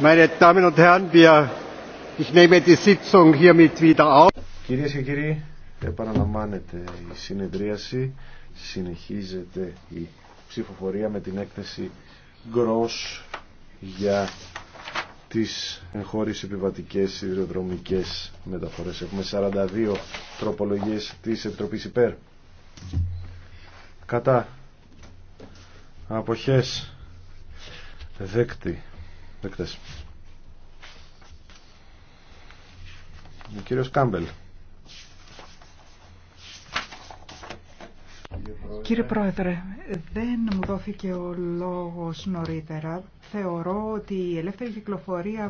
Meine Κυρίες και κύριοι, επαναλαμβάνεται η συνεδρίαση, συνεχίζεται η ψηφοφορία με την έκθεση Gross για τις εγχώριες επιβατικές σιδηροδρομικές μεταφορές. Έχουμε 42 τροπολογίες της Επιτροπής Υπέρ. Κατά. Αποχές. Δέκτη. Ο κύριος Κάμπελ. Κύριε Πρόεδρε, δεν μου δόθηκε ο λόγος νωρίτερα. Θεωρώ ότι η ελεύθερη κυκλοφορία